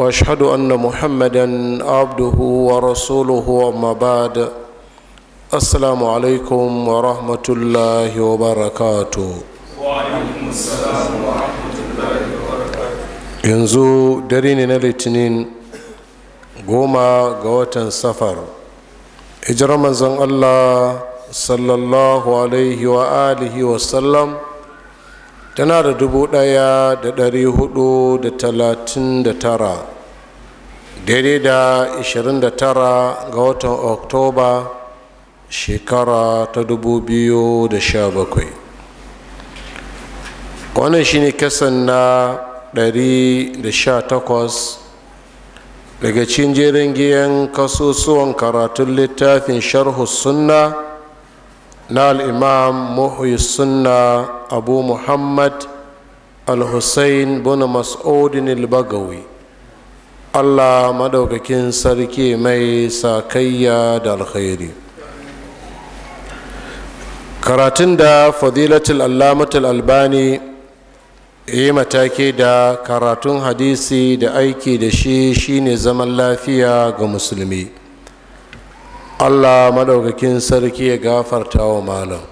واشهد ان محمدا عبده ورسوله وما بعد السلام عليكم ورحمه الله وبركاته وعليكم السلام ورحمه الله وبركاته yanzu dare ne na litinin goma ga watan safar hijirar manzon allah sallallahu alaihi wa tana da dubu ɗaya da ɗari hudu da talatin da tara daidai da ishirin da tara ga watan oktoba shekara ta dubu biyu da sha bakwai wannan ne kasan na ɗari da sha takwas daga cikin jirin giyan kasusuwan karatun littafin sharhu sunna na al'imam muhuyi sunna abu muhammad al-hussein bin mas'udin al-bagawi allah madaukakin sarki mai sakayya da alkhairi karatun da fadilatul alamatul albani yi mataki da karatun hadisi da aiki da shi shine zaman lafiya ga musulmi allah maɗaukakin sarki ya gafarta wa malam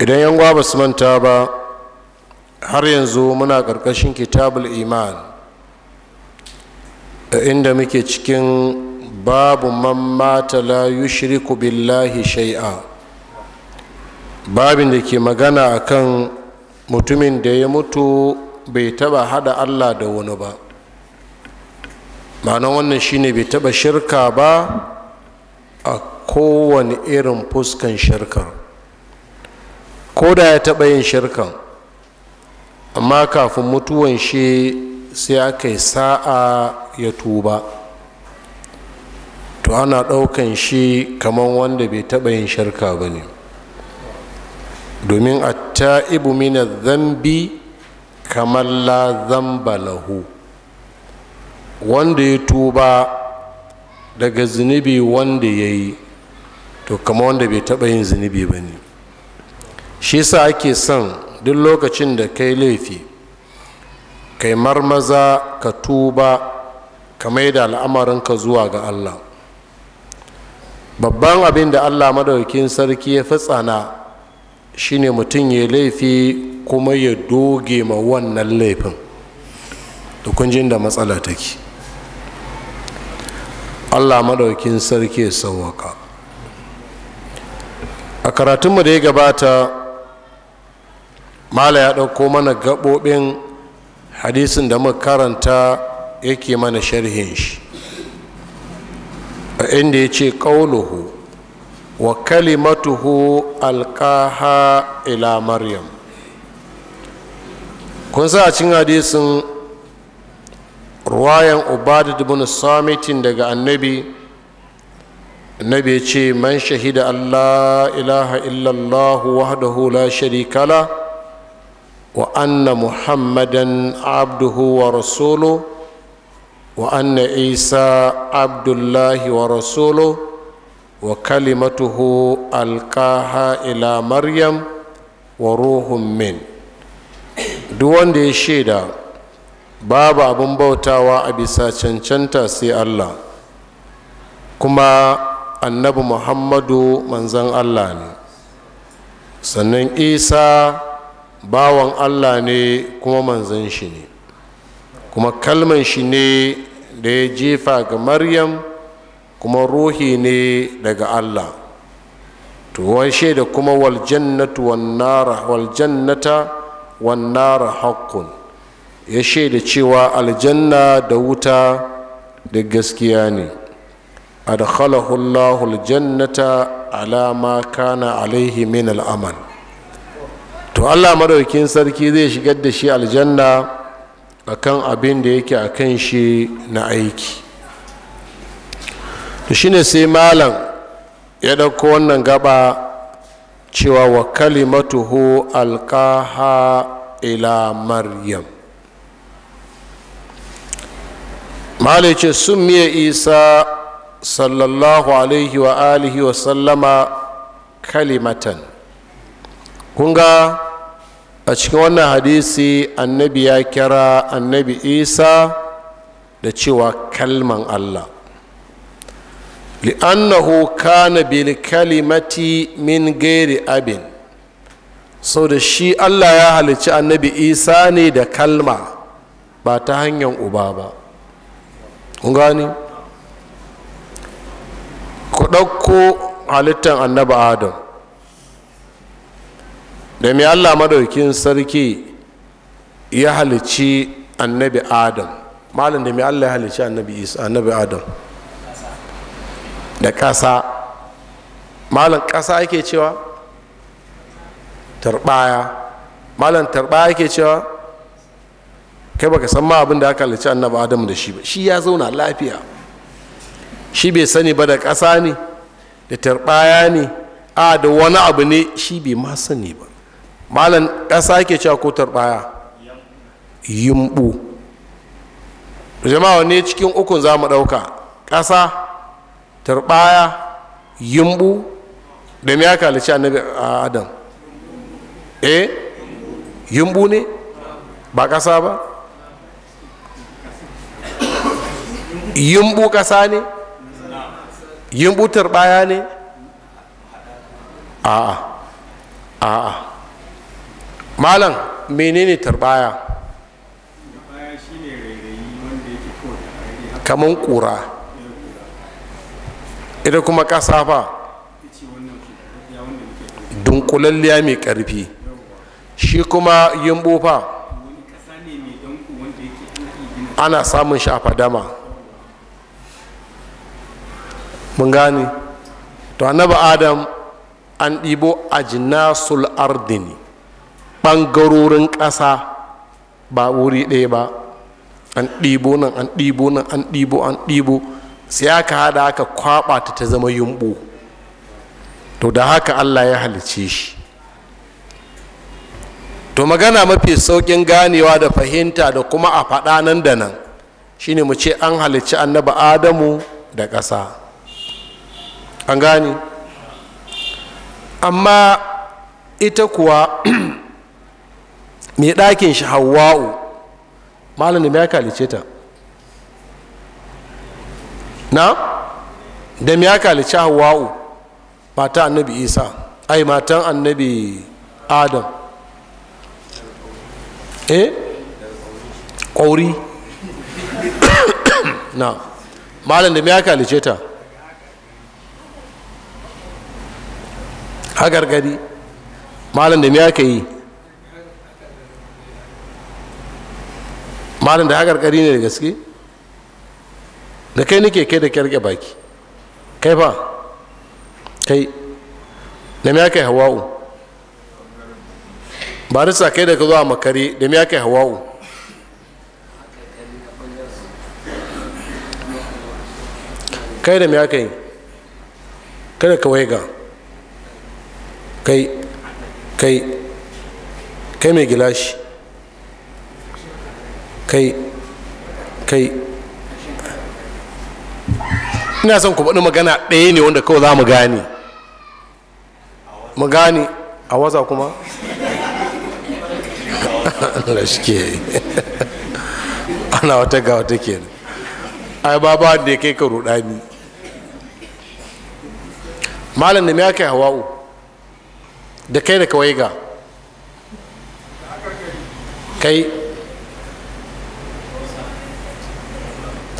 idan yan ba su manta ba har yanzu muna ƙarƙashin kitabul iman inda muke cikin babu mata la yushriku billahi shai'a babin da ke magana akan mutumin da ya mutu bai taba hada allah da wani ba ma'anar wannan shine bai taɓa shirka ba a kowane irin fuskan shirkar ko da ya taɓa yin shirkan amma kafin mutuwan shi sai aka yi sa'a ya tuba to ana ɗaukan shi kamar wanda bai taɓa yin shirka ba ne domin a ta'ibu mina zambi kamar la zamba lahu wanda ya tuba daga zunubi wanda ya yi to kama wanda bai taba yin zunubi ba ne shi sa ake son duk lokacin da kai laifi kai marmaza ka tuba ka mai da al'amarinka zuwa ga allah babban abin da allah madaukin sarki ya fi tsana shine mutum ya laifi kuma ya doge ma wannan laifin da kunjin da matsala take allah maɗaukin sarki sauwaka a karatunmu da ya gabata mala ya ɗauko mana gaɓoɓin hadisin da muka karanta yake mana sharhin shi a inda ya ce ƙauluhu wa kalimatuhu alƙaha ila maryam kun sa a cin hadisin ruwayan ubadu ibn samitin daga annabi annabi ya ce man shahida allah ilaha illallah wahdahu la sharika wa anna muhammadan abduhu wa rasuluhu wa anna isa abdullahi wa rasuluhu wa kalimatuhu alkaha ila maryam wa ruhun min duk wanda ya shaida babu abin bautawa a bisa cancanta sai allah kuma annabi muhammadu manzan allah ne sannan isa bawan allah ne kuma manzan shi ne kuma kalman shi ne da ya jefa ga maryam kuma ruhi ne daga allah tuwashe da kuma waljannata wannara haƙƙun ya shaida cewa aljanna da wuta da gaskiya ne adkhalahu Allahu aljannata ala ma kana alaihi min al'amal to Allah madaukin sarki zai shigar da shi aljanna akan abin da yake kan shi na aiki to shine sai malam ya dauko wannan gaba cewa wa kalimatuhu alqaha ila maryam malai ce sun miye isa sallallahu alaihi wa alihi wa sallama kalimatan kunga a cikin wannan hadisi annabi ya kira annabi isa da cewa kalman allah li'annahu kana bil kalimati min gairi abin sau da shi allah ya halicci annabi isa ne da kalma ba ta hanyar uba ba gani ku ɗauko halittar annaba adam da mai allah madaukin sarki ya halici annabi adam malin da mai allah ya halici annabi isa annabi adam da ƙasa malin ƙasa yake cewa tarbaya malin tarbaya yake cewa kai baka san ma abin da aka halicci annabi adam da shi ba shi ya zauna lafiya shi bai sani ba da ƙasa ne da tarbaya ne a da wani abu ne shi bai ma sani ba malam ƙasa ke cewa ko tarbaya yimbu jama'a ne cikin ukun za mu ɗauka ƙasa tarbaya yimbu da me aka halicci annabi adam eh yimbu ne ba ƙasa ba yumbu kasa ne yumbu turbaya ne a'a a'a malam menene turbaya kaman kura ita kuma kasa fa dunkulalliya mai karfi shi kuma yumbu fa ana samun shafa dama mun gane to annabi adam an ɗibo jinasul ardini ɓangarorin ƙasa ba wuri ɗaya ba an ɗibo nan an ɗibo nan an ɗibo an ɗibo sai aka haɗa aka kwaɓa ta ta zama yumɓu to da haka allah ya halice shi to magana mafi sauƙin ganewa da fahimta da kuma a faɗa nan da nan shine mu ce an halicci annaba adamu da ƙasa an gani amma ita kuwa mai ɗakin shi hawa'u malam da ya kalice ta na da ya kalice hawa'u mata annabi isa ai matan annabi adam eh ƙauri na malam da ya kalice ta gari malam da me aka yi malam da gari ne da gaske da kai nike kai da kyarge baki kai ba kai da me aka yi hawa'u ba da kai da ka zuwa makare da me aka yi hawa'u kai da me aka yi kada ka waiga kai kai kai mai gilashi kai kai ina son ku faɗi magana ɗaya ne wanda kawai za mu gane mu gane a waza kuma da shi ana wata ga wata ke ai ba ba da ya kai ka ruɗani malam da me kai yi hawa'u da kai da kawai ga kai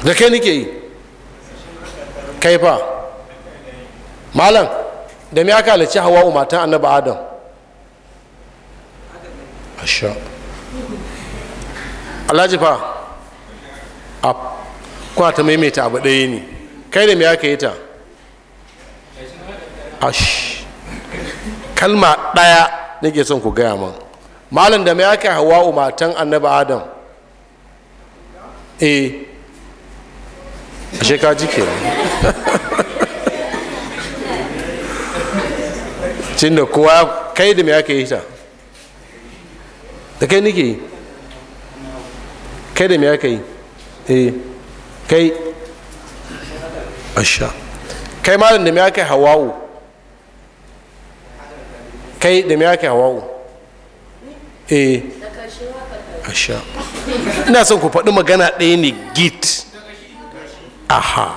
da kai nike yi kai fa malam da mai aka halarci hawa matan annaba adam asha alhaji fa a kwata ta maimaita abu ɗaya ne kai da mai aka yi ta ash kalma ɗaya nake son ku gaya man malam da mai aka hawa matan annabi adam E, ashe ka ji ke cin da kowa kai da mai aka yi ta da kai nake yi kai da mai aka yi E, kai asha kai malam da mai aka hawa'u kai da me yake hawa'u eh asha ina son ku faɗi magana ɗaya ne git aha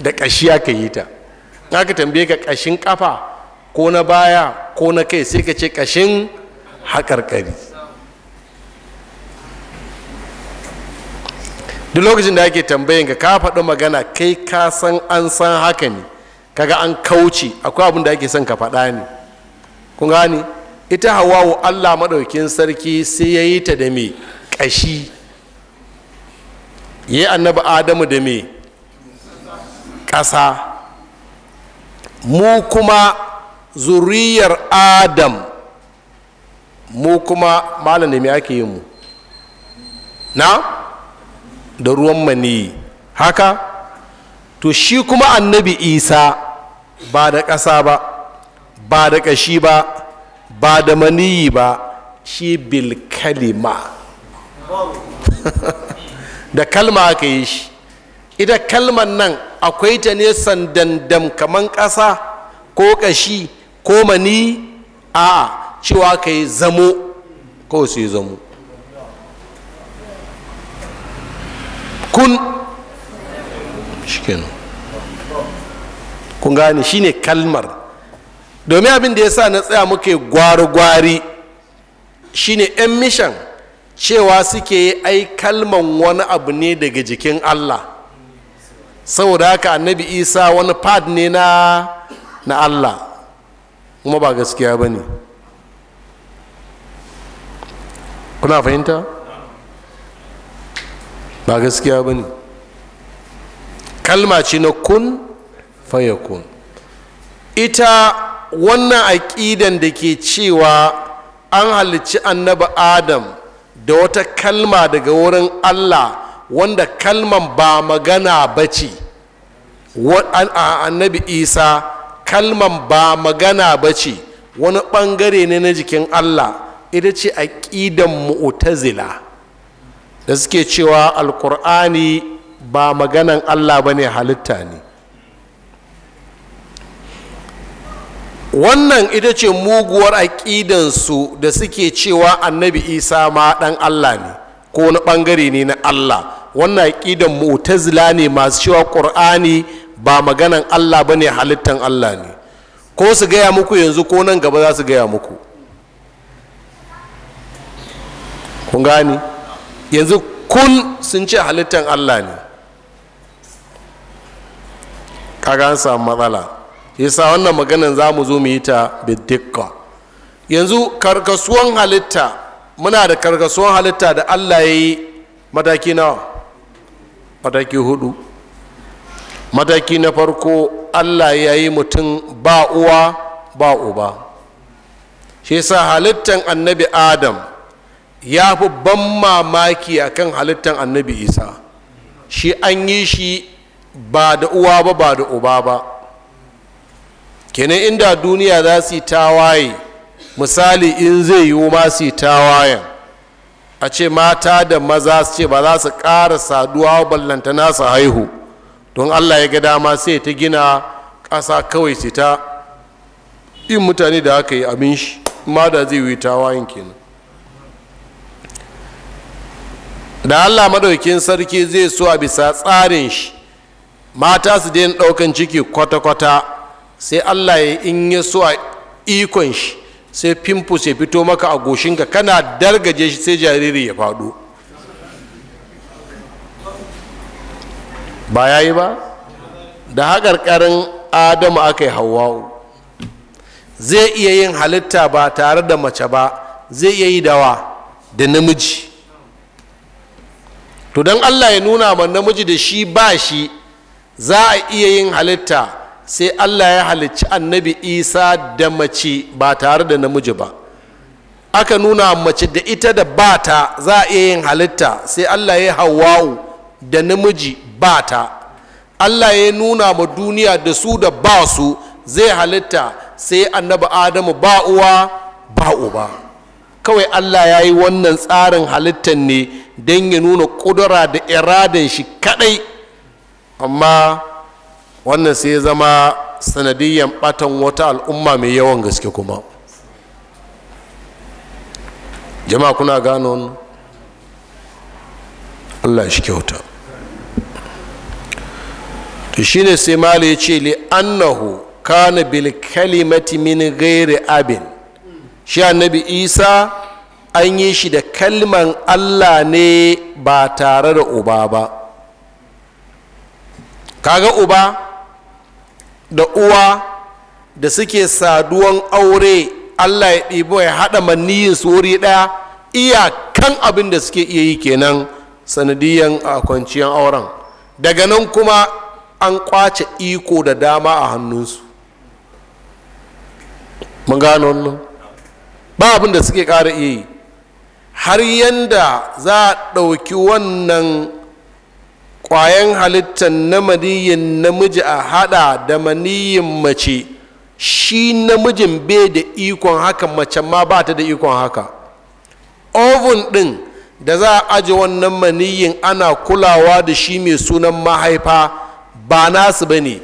da ƙashi aka yi ta aka tambaye ka ƙashin ƙafa ko na baya ko na kai sai ka ce ƙashin haƙarƙari duk lokacin da ake tambayin ka ka faɗi magana kai ka san an san haka ne kaga an kauce akwai abin da ake son ka faɗa ne kun gani ita hawawu allah maɗaukin sarki sai ya yi ta da me ƙashi ya yi annabi adamu da me ƙasa mu kuma zuriyar adam mu kuma malam da me ake yi mu na da ruwan mani haka to shi kuma annabi isa ba da ƙasa ba ba da ƙashi ba ba da maniyi ba shi bilkalima da kalma aka yi shi ita kalman nan akwai ta ne sandandam kaman ƙasa ko ƙashi ko mani a cewa ka yi zamo ko su yi zamo kun shi kun gane shi ne kalmar domin abin da ya sa na tsaya muke gwari-gwari shine 'yan mishan cewa suke yi ai kalman wani abu ne daga jikin allah saboda haka annabi isa wani pad ne na na allah kuma ba gaskiya ba ne kuna fahimta ba gaskiya ba ne kalma ce na kun fayakun ita wannan aƙidan da ke cewa an halicci annabi adam da wata kalma daga wurin allah wanda kalman ba magana ba ce annabi isa kalman ba magana ba ce wani ɓangare ne na jikin allah ita ce aƙidan mu'tazila da suke cewa alƙur'ani ba maganan allah ba ne halitta ne wannan ita ce muguwar aƙidansu da suke cewa annabi isa ma ɗan allah ne ko na ɓangare ne na allah wannan aƙidan mu'tazila ne masu cewa ƙur'ani ba maganan allah ba ne halittan allah ne ko su gaya muku yanzu ko nan gaba za su gaya muku kun gani yanzu kun sun ce halittan allah ne kaga an samu matsala yasa wannan maganan za mu zo mu yi ta bidikka yanzu karkasuwan halitta muna da karkasuwan halitta da allah ya yi mataki nawa mataki hudu mataki na farko allah ya yi mutum ba uwa ba uba shi yasa halittan annabi adam ya fi ban mamaki a kan halittan annabi isa shi an yi shi ba da uwa ba ba da uba ba kenan inda duniya za su yi tawaye misali in zai yiwu ma su yi tawayen a ce mata da maza su ce ba za su ƙara saduwa ballanta nasu haihu don allah ya ga dama sai ta gina ƙasa kawai su ta yin mutane da aka yi abin shi ma da zai yi tawayen kenan da allah madaukin sarki zai so a bisa tsarin shi mata su daina ɗaukan ciki kwata-kwata sai allah ya in ya so a ikon shi sai pimpus ya fito maka a goshinka kana dargaje shi sai jariri ya faɗo ba ya yi ba da haƙarƙarin adamu aka yi hawa'u zai iya yin halitta ba tare da mace ba zai iya yi dawa da namiji to don allah ya nuna ma namiji da shi ba shi za a iya yin halitta sai allah ya halicci annabi isa da mace ba tare da namiji ba aka nuna mace da ita da bata za a iya yin halitta sai allah ya hawawu da namiji bata allah ya nuna ma duniya da su da ba su zai halitta sai annabi adamu ba uwa ba uba kawai allah ya yi wannan tsarin halitta ne don ya nuna kudura da iradan shi kadai amma wannan sai zama sanadiyyan batan wata al'umma mai yawan gaske kuma jama'a kuna gano allah shi kyauta to ne sai mala ya ce li annahu kana bil kalimati min ghairi abin shi annabi isa an yi shi da kalman allah ne ba tare da uba ba kaga uba da uwa da suke saduwan aure allah ya ɗibo ya haɗa maniyin su wuri ɗaya iyakan abin da suke iya yi kenan sanadiyan a kwanciyar auren daga nan kuma an kwace iko da dama a hannunsu gano wannan ba abin da suke ƙara iya yi har yanda za a ɗauki wannan Kwayan halittar na maniyin namiji a hada da maniyin mace shi namijin bai da ikon haka mace ma ba ta da ikon haka ovun ɗin da za a aje wannan maniyin ana kulawa da shi mai sunan mahaifa ba nasu ba ne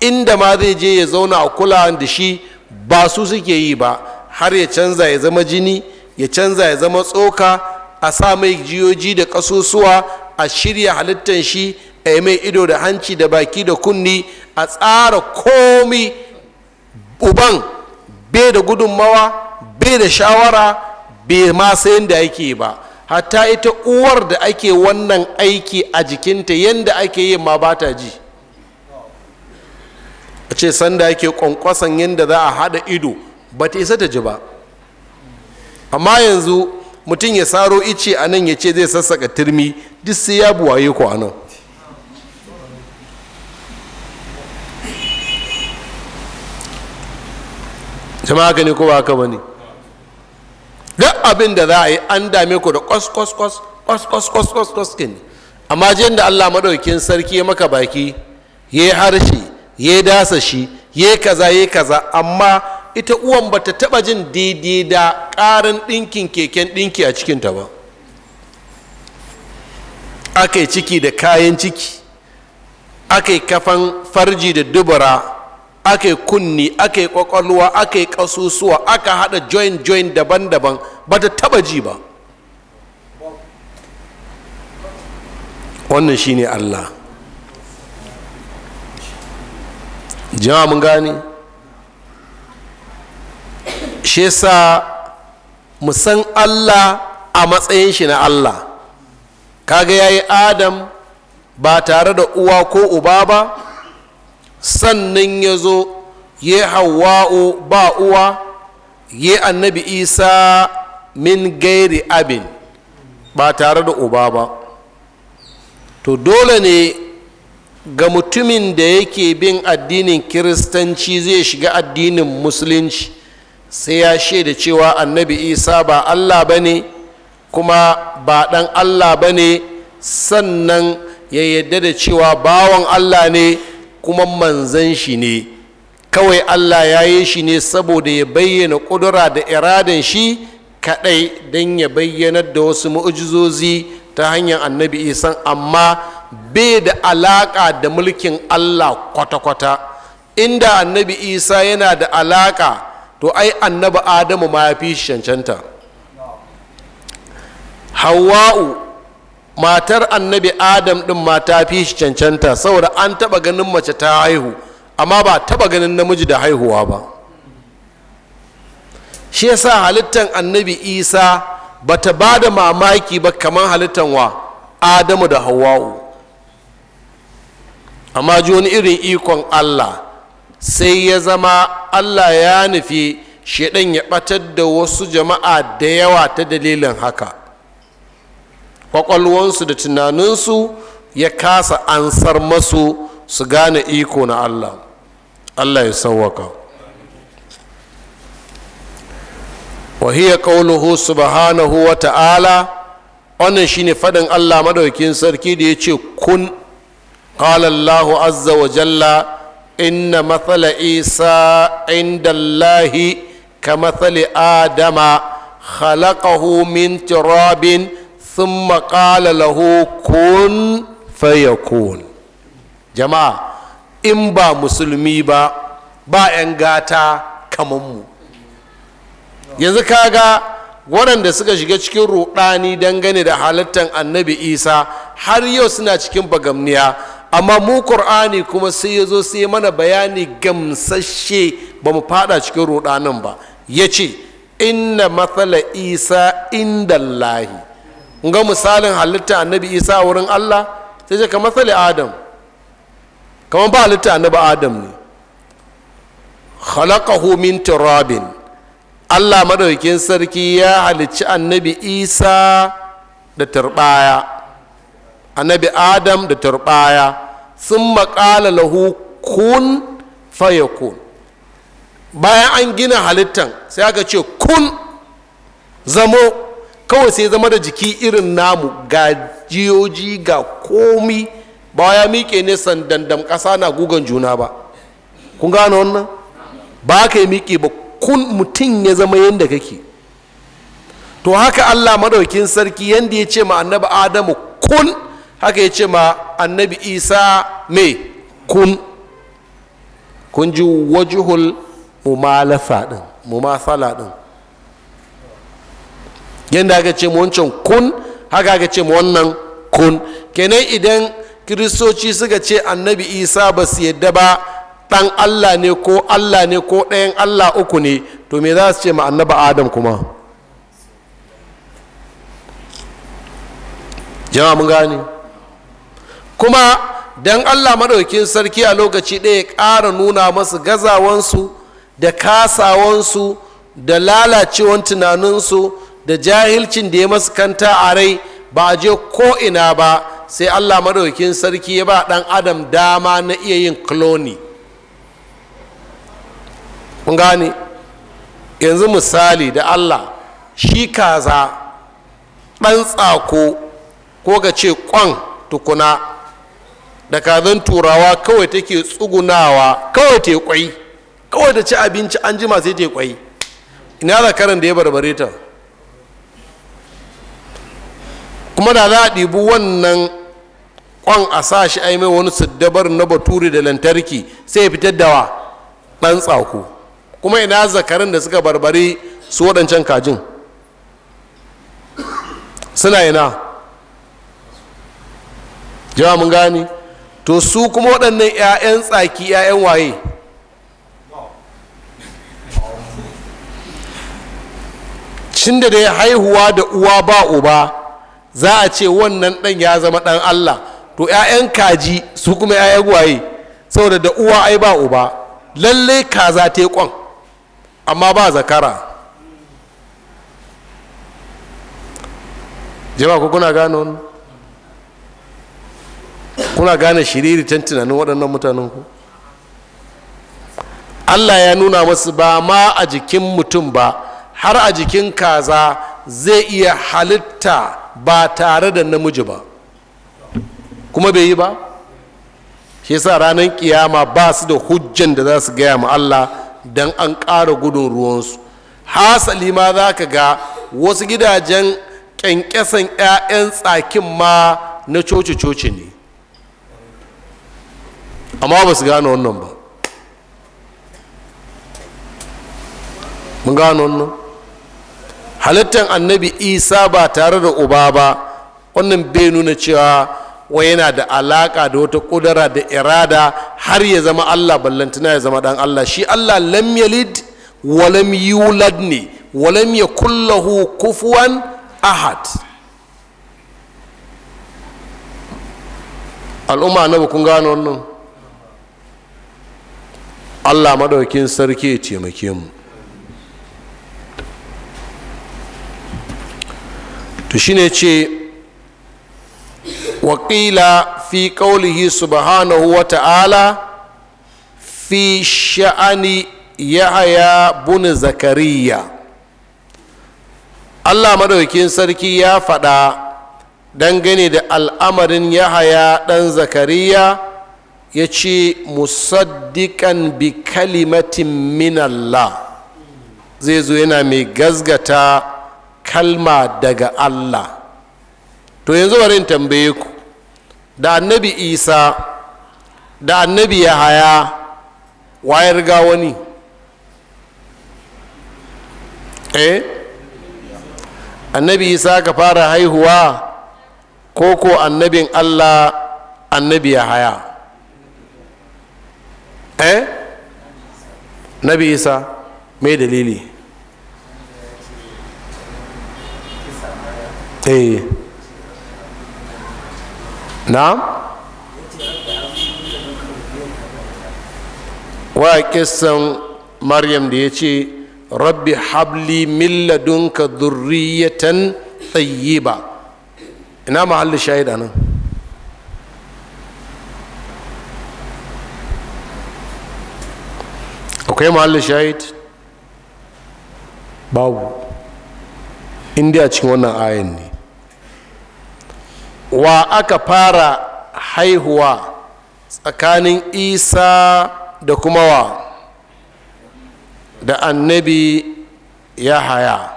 inda ma zai je ya zauna a kulawa da shi ba su suke yi ba har ya canza ya zama jini ya canza ya zama tsoka a sa mai jiyoji da ƙasusuwa a shirya halittar shi a yi mai ido da hanci da baki da kunni a tsara komi uban bai da gudunmawa bai da shawara bai ma sayan da yake ba hatta ita uwar da ake wannan aiki a jikinta yadda ake yi ma ba ta ji a ce sanda ake kwankwason yadda za a haɗa ido ba ta isa ta ji ba amma yanzu mutum ya saro ice a nan ya ce zai sassaka turmi duk sai ya buwaye ku anan jama'a gani ko ba ka ba ne duk abin da za a yi an dame ku da kwas amma da allah maɗaukin sarki ya maka baki ya harshe ya dasa shi ya kaza ya kaza amma ita uwan ba ta taɓa jin daidai da ƙaran ɗinkin keken ɗinki a cikinta ba aka yi ciki da kayan ciki aka yi kafan farji da dubura aka yi kunni aka yi kwakwalwa aka yi kasusuwa aka hada join join daban-daban ba ta taba ji ba wannan shine allah jama mun gane shi yasa mu san allah a matsayin shi na allah kaga ya yi adam ba tare da uwa ko uba ba sannan ya zo ya hawa'u ba uwa ya annabi isa min gairi abin ba tare da uba ba to dole ne ga mutumin da yake bin addinin kiristanci zai shiga addinin musulunci sai ya shaida cewa annabi isa ba allah ba ne kuma ba ɗan allah ba ne sannan ya yadda da cewa bawan allah ne kuma manzan shi ne kawai allah ya yi shi ne saboda ya bayyana ƙudura da iradan shi kaɗai don ya bayyanar da wasu mu'ujizozi ta hanyar annabi isan amma bai da alaƙa da mulkin allah kwata-kwata inda annabi isa yana da alaƙa to ai annabi adamu ma ya fi cancanta hawa'u matar annabi adam ɗin ma ta fi shi cancanta saboda an taɓa ganin mace ta haihu amma ba taɓa ganin namiji da haihuwa ba shi yasa halittar annabi isa ba ta ba da mamaki ba kamar halittan wa adamu da hawa'u amma ji wani irin ikon allah sai ya zama allah ya nufi shaɗan ya ɓatar da wasu jama'a da yawa ta dalilin haka kwakwalwansu da tunaninsu ya kasa ansar masu su gane iko na allah allah ya sauwaka wahiyar ƙaunuhu subhanahu wa ta'ala wannan shine faɗin allah madaukin sarki da ya ce kun allahu azza wa jalla inna matsala isa inda Allah ka matsali adama khalaqahu min turabin sun maƙala laho kun fayakun jama'a in ba musulmi ba ba 'yan gata mu. yanzu kaga waɗanda suka shiga cikin ruɗani dangane da halittar annabi isa har yau suna cikin bagamniya amma mu ƙur'ani kuma sai ya zo sai mana bayani gamsashe ba mu fada cikin ruɗanin ba ya ce inna matsala isa inda lahi ga misalin halitta annabi isa wurin allah sai ce ka matsali adam kamar ba halitta annabi adam ne khalaqahu min turabin allah madaukin sarki ya halicci annabi isa da turbaya annabi adam da turbaya sun maƙala lahu kun kun bayan an gina halittan sai aka ce kun zamo kawai sai zama da jiki irin namu ga jiyoji ga komi ba ya miƙe ne sandandam ƙasa na gugan juna ba kun gano wannan ba ka yi miƙe ba kun mutum ya zama yadda kake to haka allah madaukin sarki yadda ya ce ma annabi adamu kun haka ya ce ma annabi isa me kun kun ji wajuhul mumalafa din yadda aka ce wancan kun haka aka ce wannan kun kenan idan kiristoci suka ce annabi isa ba su yadda ba dan allah ne ko allah ne ko ɗayan allah uku ne to me za su ce ma annabi adam kuma Jama mun gane kuma dan allah maɗaukin sarki a lokaci ɗaya ƙara nuna masu gazawansu da kasawansu da lalacewan tunaninsu da jahilcin da ya maskanta a rai ba a je ko ina ba sai allah maɗaukin sarki ya ba ɗan adam dama na iya yin kloni kun gane yanzu misali da allah shi kaza ɗan tsako ko ga ce ƙwan tukuna da kazan turawa kawai take tsugunawa kawai ta kwai kawai ta ci abinci an jima sai ta kwai ina zakaran da ya barbare ta kuma da za a ɗibi wannan kwan a sa shi a mai wani siddabar na baturi da lantarki sai ya fitar da wa ɗan tsako kuma ina zakarin da suka barbari su waɗancan kajin suna ina jawa mun gani to su kuma waɗannan 'ya'yan tsaki 'ya'yan waye cin da dai haihuwa da uwa ba uba za a ce wannan ɗan ya zama ɗan allah to 'ya'yan kaji su kuma 'ya'yan gwaye saboda da uwa ai ba uba lallai kaza ta kwan amma ba zakara jama'a ko kuna gano kuna gane shiriritan tunanin waɗannan mutanen ku allah ya nuna masu ba ma a jikin mutum ba har a jikin kaza zai iya halitta ba tare da namiji ba kuma bai yi ba shi yasa ranar kiyama ba su da hujjan da za su gaya ma allah don an ƙara gudun ruwansu hasali ma za ka ga wasu gidajen ƙyanƙyasan 'ya'yan tsakin ma na coci-coci ne amma ba su gane wannan ba mun gane wannan halittar annabi isa ba tare da uba ba wannan bai nuna cewa wai yana da alaka da wata kudura da irada har ya zama allah ballantana ya zama dan allah shi allah lam yalid walam yulad ne walam kufuwan ahad al'umma na kun gano wannan allah madaukin sarki ya taimake mu to shine ce waƙila fi ƙaulihi subhanahu wa ta'ala fi sha'ani yahaya bun zakariya allah madaukin sarki ya faɗa dangane da al'amarin yahaya ɗan zakariya ya ce musaddiƙan bi kalimatin minallah zai zo yana mai gazgata kalma daga allah to yanzu bari in tambaye ku da annabi isa da annabi ya haya wayar riga wani eh annabi isa ka fara haihuwa ko ko annabin allah annabi ya haya eh nabi isa mai dalili eh na wa kisan maryam da ya ce rabbi habli milladunka durriyatan tayyiba ina mahallin shahida nan akwai mahallin shahid babu indiya cikin wannan ayan ne wa aka fara haihuwa tsakanin isa da kuma wa da annabi ya haya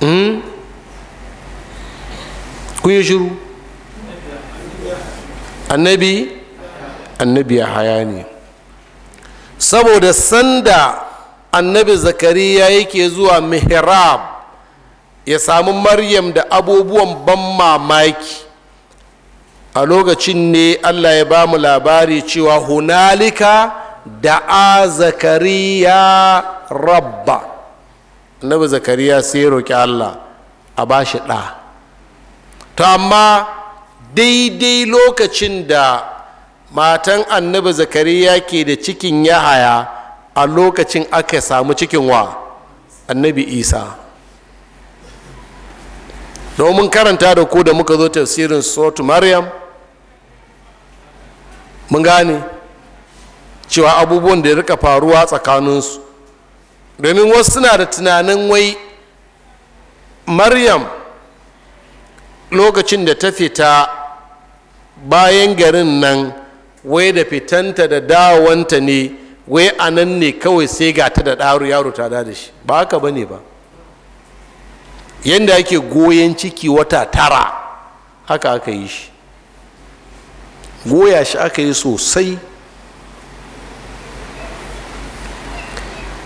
hmm? kun yi shiru annabi annabi ya haya ne saboda sanda annabi zakariya yake zuwa mihrab ya samu maryam da abubuwan ban mamaki a lokacin ne allah ya ba mu labari cewa hunalika da a zakariya rabba annabi zakariya sai roƙi allah a ba shi ɗa to amma daidai lokacin da matan annabi zakariya ke da cikin yahaya a lokacin aka samu cikin wa annabi isa domin karanta da ku da muka zo tafsirin sotu maryam mun gane cewa abubuwan da ya rika faruwa tsakaninsu domin wasu suna da tunanin wai maryam lokacin da ta fita bayan garin nan wai da fitanta da dawanta ne wai a nan ne kawai sai gata ta da ɗaro yaro ta da shi ba haka ba ne ba yadda ake goyon ciki wata tara haka aka yi shi goya shi aka yi sosai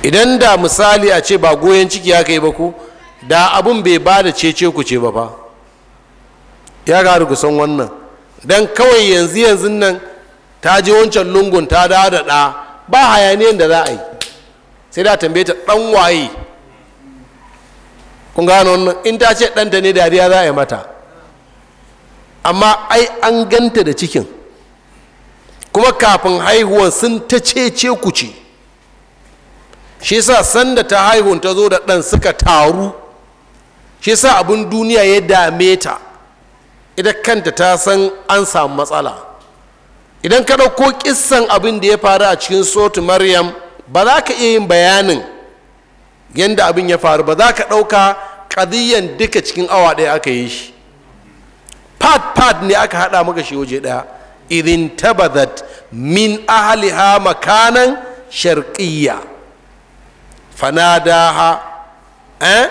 idan da misali a ce ba goyon ciki aka yi ba ku da abun bai ba da cece ku ce ba fa ya gari ku wannan don kawai yanzu yanzu nan ta je wancan lungun ta da da ba hayaniyar da za a yi sai da tambaye ta ɗan waye kun gano wannan in ta ce ɗanta ne dariya za a yi mata amma ai an ganta da cikin kuma kafin haihuwan sun ta cece kuce shi sa sanda ta haihun ta zo da ɗan suka taru shi sa abin duniya ya dame ta ita kanta ta san an samu matsala idan ka ɗauko kissan abin da ya faru a cikin sotu maryam ba za ka iya yin bayanin yadda abin ya faru ba za ka ɗauka ƙadiyyan duka cikin awa ɗaya aka yi shi pad pad ne aka haɗa maka shi waje ɗaya idin tabadat min ahliha makanan sharqiyya fanadaha eh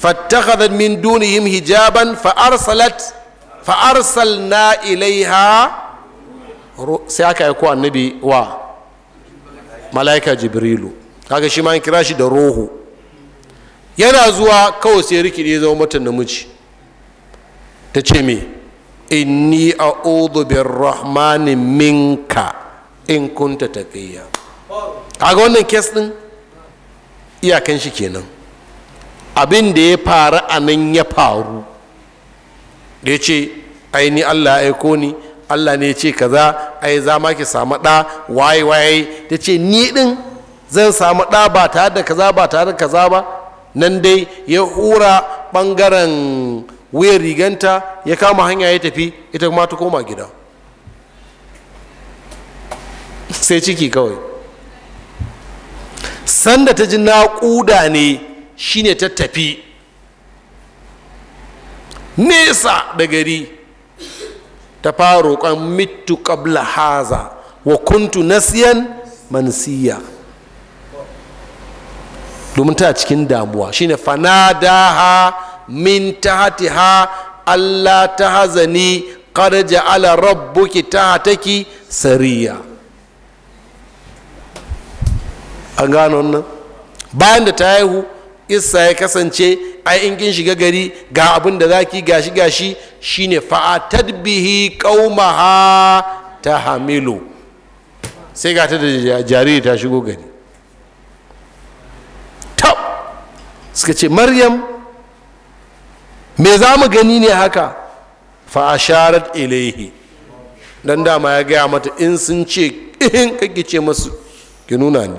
fattakhadhat min dunihim hijaban fa arsalat fa arsalna ilaiha sai aka yi ko annabi wa malaika jibrilu kaga shi ma an kira shi da roho yana zuwa kawai sai rikide ya zama mata namiji ta ce me inni a'udhu birrahmani minka in kunta taqiya kaga wannan kes din iyakan shi kenan abin da ya faru a nan ya faru da ya ce aini allah ya aiko ni allah ne ya ce kaza ai za ma ki samu ɗa waye waye ta ce ni din. zan samu ɗa ba tare da kaza ba tare da kaza ba nan dai ya hura ɓangaren wuyan riganta ya kama hanya ya tafi ita ma ta koma gida sai ciki kawai sanda ta ji naƙuda ne shine ta tafi nesa da gari ta fara roƙon mitu ƙabla haza wa kuntu nasiyan mansiya domin tana cikin damuwa shine fanadaha min tahtiha Allah ta hazani qad ja'ala rabbuki tahtaki sariya an gano wannan bayan da ta haihu isa ya kasance ai in kin shiga gari ga abin da zaki gashi gashi shine fa'atad bihi qaumaha tahamilu sai ga ta da jariri ta shigo gari suka ce maryam me za mu gani ne haka sharar ilaihi don dama ya gaya mata in sun ce in kake ce masu ki nuna ni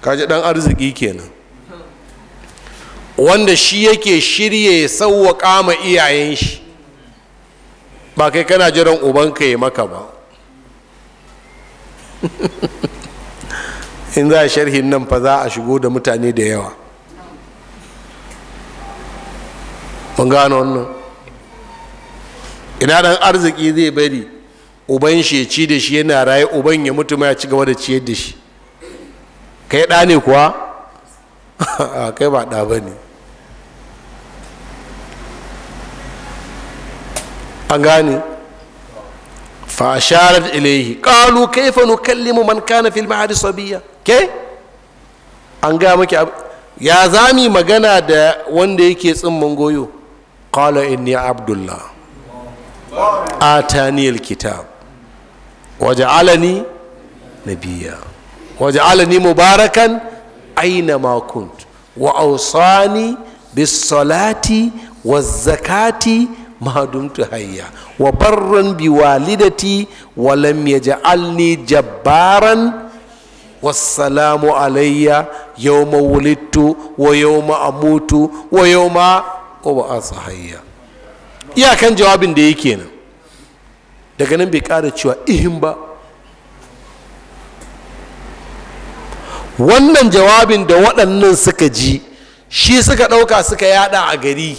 kaji dan arziki kenan wanda shi yake shirye sauwaƙa ma iyayen shi ba kai kana jiran ubanka ya maka ba in za a sharhin nan fa za a shigo da mutane da yawa mun gano wannan ina dan arziki zai bari uban shi ya ci da shi yana raye uban ya mutu ma ya ci gaba da ciyar da shi kai ɗa ne kuwa kai ba ɗa ba ne an gane fa asharat ilaihi qalu kayfa nukallimu man kana fil ma'ad sabiya ke an ga maki ya zami magana da wanda yake tsimmin goyo qala inni abdullah atani alkitab waja'alani nabiyya waja'alani mubarakan aina ma wa awsani bis salati waz zakati ma dumtu hayya wa barran bi walidati wa lam yaj'alni jabbaran wassalamu alayya yawma wulidtu wa yawma amutu wa yawma ko ba a sahayya iyakan jawabin da yake nan daga nan bai kara cewa ihin ba wannan jawabin da waɗannan suka ji shi suka ɗauka suka yada a gari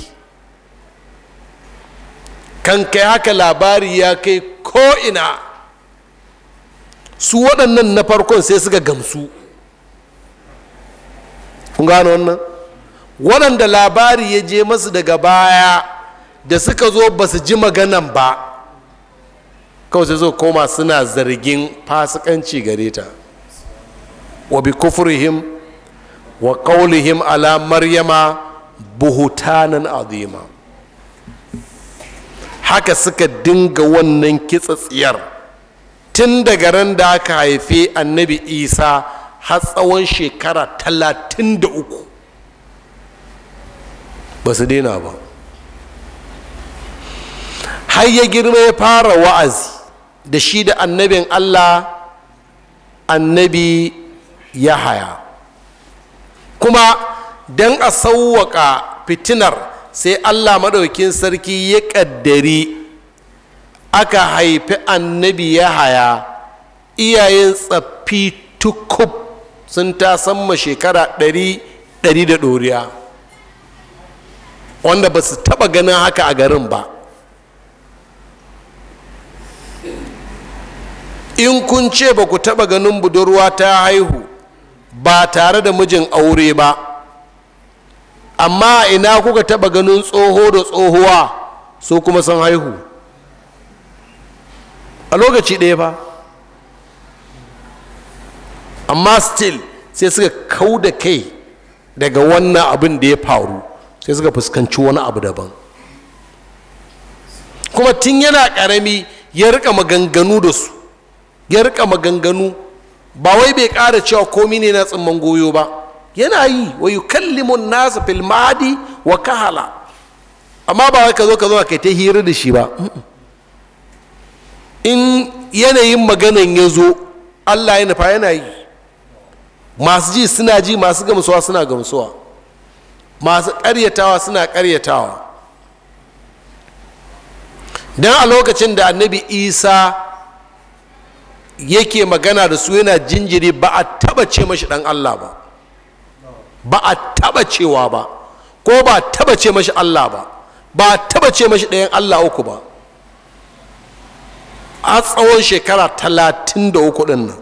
kan kai haka labari ya kai ko'ina su waɗannan na farkon sai suka gamsu kun gano wannan waɗanda labari ya je masu daga baya da suka zo ba su ji maganan ba kawai sai zo koma suna zargin fasikanci gare ta wa bi kufurihim wa kaulihim ala maryama buhutanan azima haka suka dinga wannan kitsatsiyar tun daga ran da aka haife annabi isa har tsawon shekara talatin da uku ba su daina ba har ya girma ya fara wa'azi da shi da annabin allah annabi ya haya kuma don a sauwaka fitinar sai allah maɗaukin sarki ya ƙaddari aka haifi annabi ya haya iyayen tsaffi tukub sun ta samma shekara ɗari ɗari da ɗoriya wanda ba su taba ganin haka a garin ba in kun ce ba ku taba ganin budurwa ta haihu ba tare da mijin aure ba amma ina kuka taba ganin tsoho da tsohuwa so kuma sun haihu a lokaci ɗaya ba amma still sai suka kau da kai daga wannan abin da ya faru sai suka fuskanci wani abu daban kuma tun yana karami ya rika maganganu da su ya rika maganganu ba wai bai ƙara cewa komi ne na tsimman goyo ba yana yi wa kallimun nasa filmadi wa kahala amma ba wai ka zo ka zo kai ta hira da shi ba in yanayin maganan ya zo allah ya nufa yana yi masu ji suna ji masu gamsuwa suna gamsuwa masu karyatawa suna karyatawa don a lokacin da annabi isa yake magana da su yana jinjiri ba a taba ce mashi dan allah ba ba a taba cewa ba ko ba a taba ce mashi allah ba ba a taba ce mashi ɗayan allah uku ba a tsawon shekara talatin da uku ɗin nan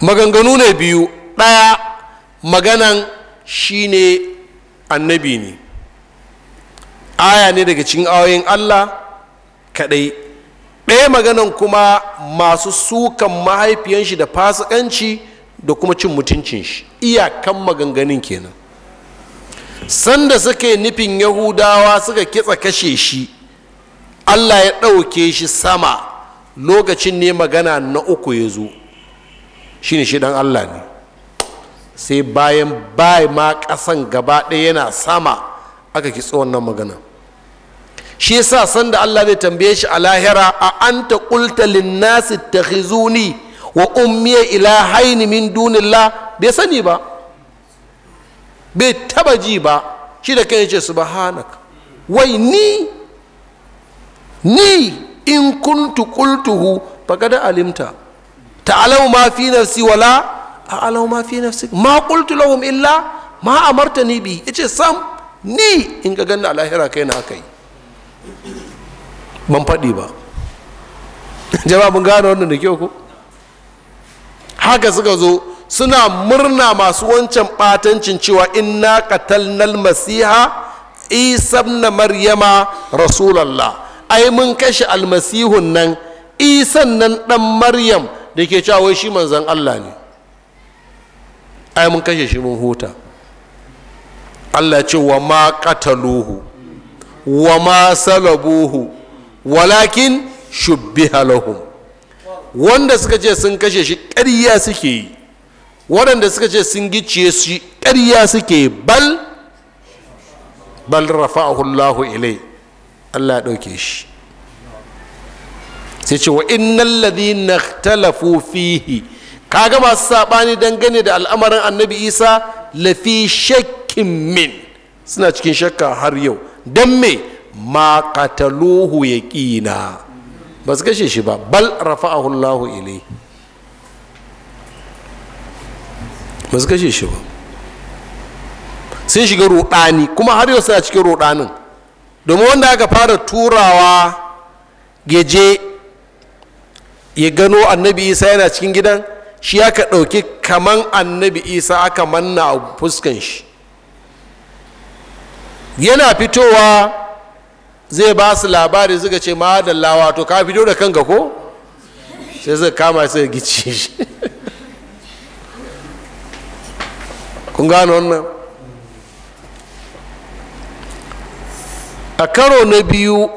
maganganu ne biyu ɗaya maganan shine annabi ne aya ne daga cikin ayoyin allah kadai ɗaya maganan kuma masu sukan mahaifiyanshi da fasikanci da kuma cin mutuncin shi iyakan maganganun kenan sanda suka yi nufin yahudawa suka kitsa kashe shi allah ya ɗauke shi sama lokacin ne magana na uku ya zo shi ne shi dan allah ne sai bayan bai ma kasan gaba ɗaya yana sama aka kitso wannan magana shi yasa sanda Allah zai tambaye shi a lahira a anta qulta lin-nas ittakhizuni wa ummi ilahaini min dunillah bai sani ba bai taba ji ba shi da kai yace hanak. wai ni ni in kuntu qultuhu faqad alimta ta'lamu ma fi nafsi wala a ma fi nafsik ma qultu lahum illa ma amartani bi yace sam ni in ga ganna lahira kai na kai ban faɗi ba jawabin mun gane wannan da kyau ko haka suka zo suna murna masu wancan batancin cewa inna qatalnal masiha isa ibn maryama rasulallah ai mun kashe almasihun nan isan nan dan maryam da ke cewa shi manzon allah ne ai mun kashe shi mun huta allah ce wa ma qataluhu wa ma salabuhu walakin shubbiha lahum wanda suka ce sun kashe shi ƙarya suke yi waɗanda suka ce sun gicciye shi ƙarya suke bal bal rafa'ahu Allahu ilai Allah ɗauke shi sai ce wa innal ladhina ikhtalafu fihi kaga masu saɓani dangane da al'amarin annabi isa lafi shakkin min suna cikin shakka har yau don me ma kataluhu ya ƙina ba su kashe shi ba bal a hulahu ilai ba su kashe shi ba sun shiga ruɗani kuma har yau suna cikin ruɗanin domin wanda aka fara turawa geje ya gano annabi isa yana cikin gidan shi aka ɗauki kaman annabi isa aka manna a fuskan shi yana fitowa zai ba su labari suka ce ma da to ka fito da kanka ko sai zai kama sai gici shi kun gano wannan a karo na biyu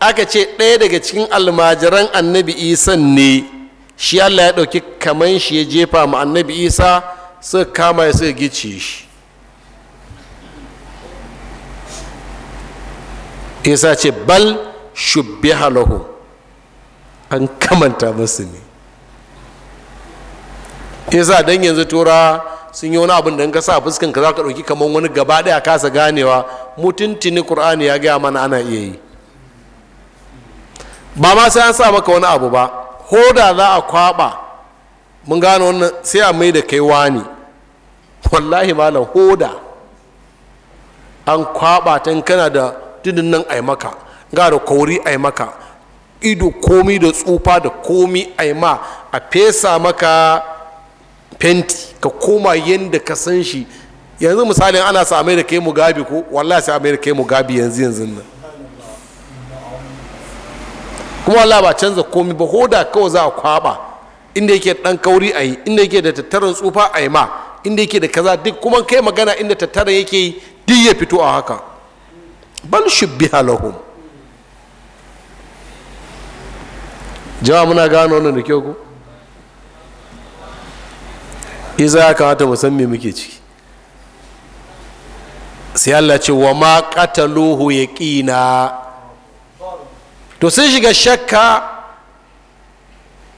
aka ce ɗaya daga cikin almajiran annabi isan ne shi allah ya ɗauki kaman shi ya jefa ma annabi isa suka kama ya gice shi isa ce bal shubbi halahu an kamanta musu ne isa don yanzu tura sun yi wani abin da ka sa fuskan ka za ka ɗauki kaman wani gaba ɗaya kasa ganewa mutuntuni ƙur'ani ya gaya mana ana iya yi ba ma sai an sa maka wani abu ba hoda za a kwaba mun gano wannan sai a mai da kai wani wallahi malam hoda an kwaba ta kana da tunin nan aimaka maka ga da kauri aimaka maka ido komi da tsufa da komi aima ma a fesa maka fenti ka koma yadda ka san shi yanzu misalin ana sa mai da kai mugabi ko wallahi sai a mai da kai mugabi yanzu yanzu nan kuma Allah ba canza komi ba hoda kawai za a kwaba inda yake dan kauri a yi inda yake da tattaran tsufa a yi ma inda yake da kaza duk kuma kai magana inda tattara yake yi duk ya fito a haka bal shubbiha lahum jama'a muna gano wannan da kyau ko isa ya kamata mu san me muke ciki sai Allah ce wa ma qataluhu yaqina to sun shiga shakka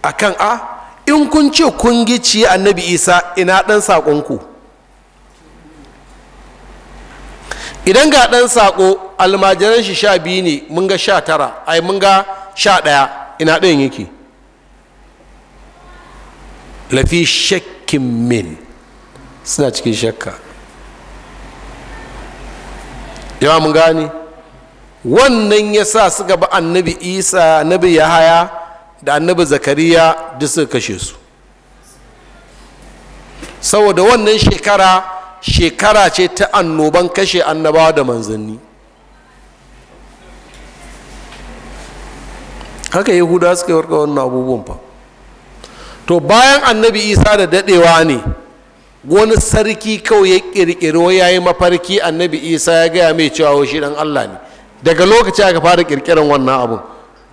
a kan a ah, in kun ce kun gici annabi isa ina ɗan saƙonku idan ga ɗan saƙo almajiran shi sha biyu ne mun ga sha tara ai mun ga sha ɗaya ina ɗayan yake lafi shakkin min suna cikin shakka yawa mun gane wannan ya sa suka bi annabi isa annabi yahaya da annabi zakariya duk suka kashe su saboda wannan shekara shekara ce ta annoban kashe annabawa da manzanni haka yahudawa suka yi warka wannan abubuwan fa to bayan annabi isa da dadewa ne wani sarki kawai ya kirkiro ya yi mafarki annabi isa ya gaya mai cewa shi dan allah ne daga lokaci aka fara kirkirar wannan abun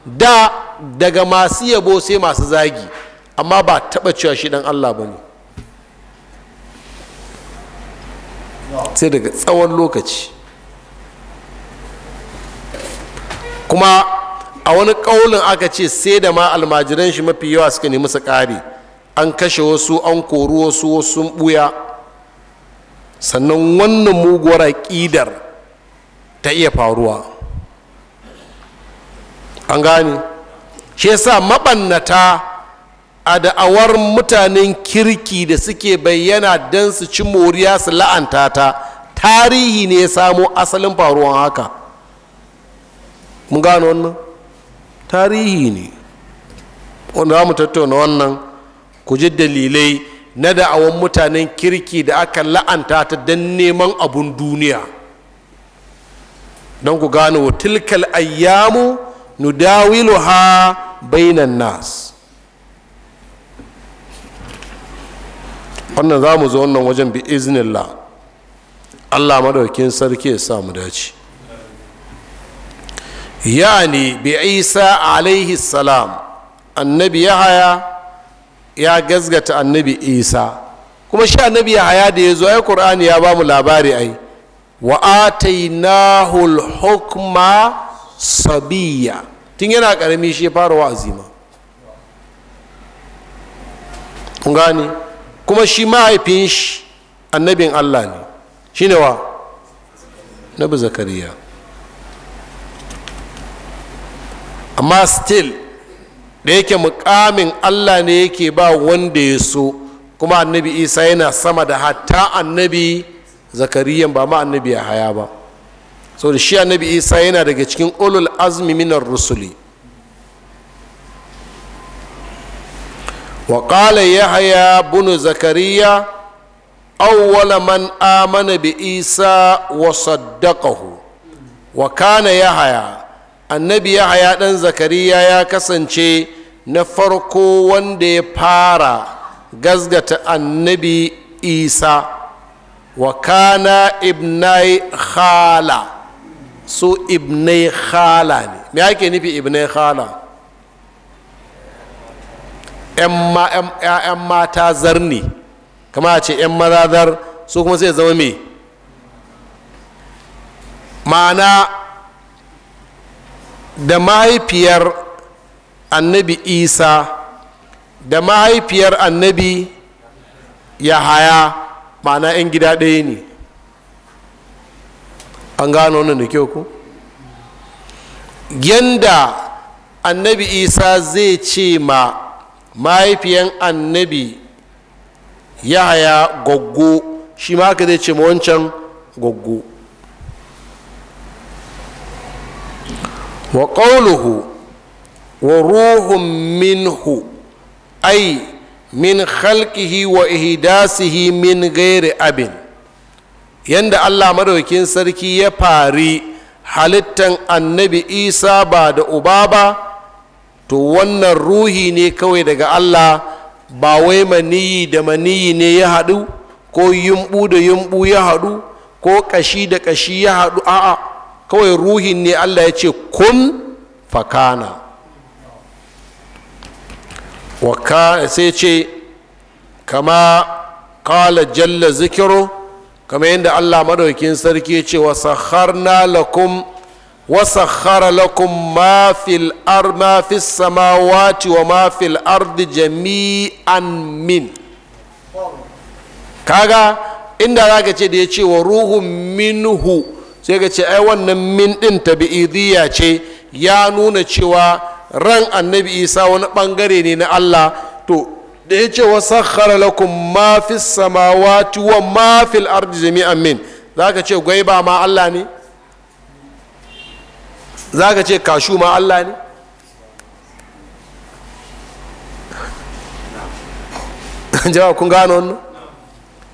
da daga masu yabo sai masu zagi amma ba taba cewa shi dan allah ba ne sai daga tsawon lokaci kuma a wani ƙaunin aka ce sai da ma almajiran shi mafi yawa suka nemi su ƙare an kashe wasu an kori wasu wasu buya sannan wannan muguwar aƙidar ta iya faruwa an gane shi yasa maɓannata a da'awar mutanen kirki da suke bayyana don su ci moriya su la'anta ta tarihi ne ya samo asalin faruwan haka mun gano wannan tarihi ne wanda za mu tattauna wannan ku ji dalilai na da'awar mutanen kirki da aka la'anta ta don neman abun duniya don ku gane wa tilkal ayyamu nudawiluha bainan nas wannan za mu zo wannan wajen bi iznillah allah madaukin sarki ya mu dace yani bi isa alaihi salam annabi haya ya gazgata annabi isa kuma shi annabi yahaya da ya zo ai qur'ani ya ba mu labari ai wa atainahu al-hukma sabiya tun yana karami shi ya fara wa azima gani kuma shi mahaifin shi annabin allah ne shi ne wa nabi zakariya amma still da yake mukamin allah ne yake ba wanda ya so kuma annabi isa yana sama da hatta annabi zakariyan ba ma annabi ya haya ba saboda shi annabi isa yana daga cikin ulul azmi minar rusuli wa qala bunu zakariya auwala man amana bi isa wa saddaqahu wa kana yahya annabi yahaya dan zakariya ya kasance na farko wanda ya fara gazgata annabi isa wa kana ibnai khala su ibnai khala ne me ake nufi ibnai khala ‘yan mata zarni kama a ce ‘yan mazazar su kuma sai zama me ma'ana da mahaifiyar annabi isa da mahaifiyar annabi yahaya ma'ana ‘yan gida ɗaya ne an gano wannan da kyau ku yanda annabi isa zai ce ma mahaifiyan annabi yahaya goggo shi ma haka zai ce ma wancan goggo wa ƙauluhu wa ruhun minhu ai min halkihi wa ihidasihi min gairi abin yanda allah madaukin sarki ya fari halittan annabi isa ba da uba ba to wannan ruhi ne kawai daga allah ba wai maniyi da maniyi ne ya haɗu ko yumɓu da yumɓu ya haɗu ko ƙashi da ƙashi ya haɗu a'a kawai ruhi ne allah ya ce kun fakana sai ce kama kala jalla zikiro kamar yadda allah madaukin sarki ce wa sakharna lakum wa sakhara lakum ma fil ar ma fis samawati wa ma fil ardi jami'an min kaga inda zaka ce da ya ce wa ruhun minhu sai ka ce ai wannan min ɗin tabi'idiyya ce ya nuna cewa ran annabi isa wani ɓangare ne na allah to da ya ce wa sakhara lakum ma fi samawati wa ma fil ardi jami'an min zaka ce gwaiba ma Allah ne zaka ce kashu ma Allah ne jama'a kun gano wannan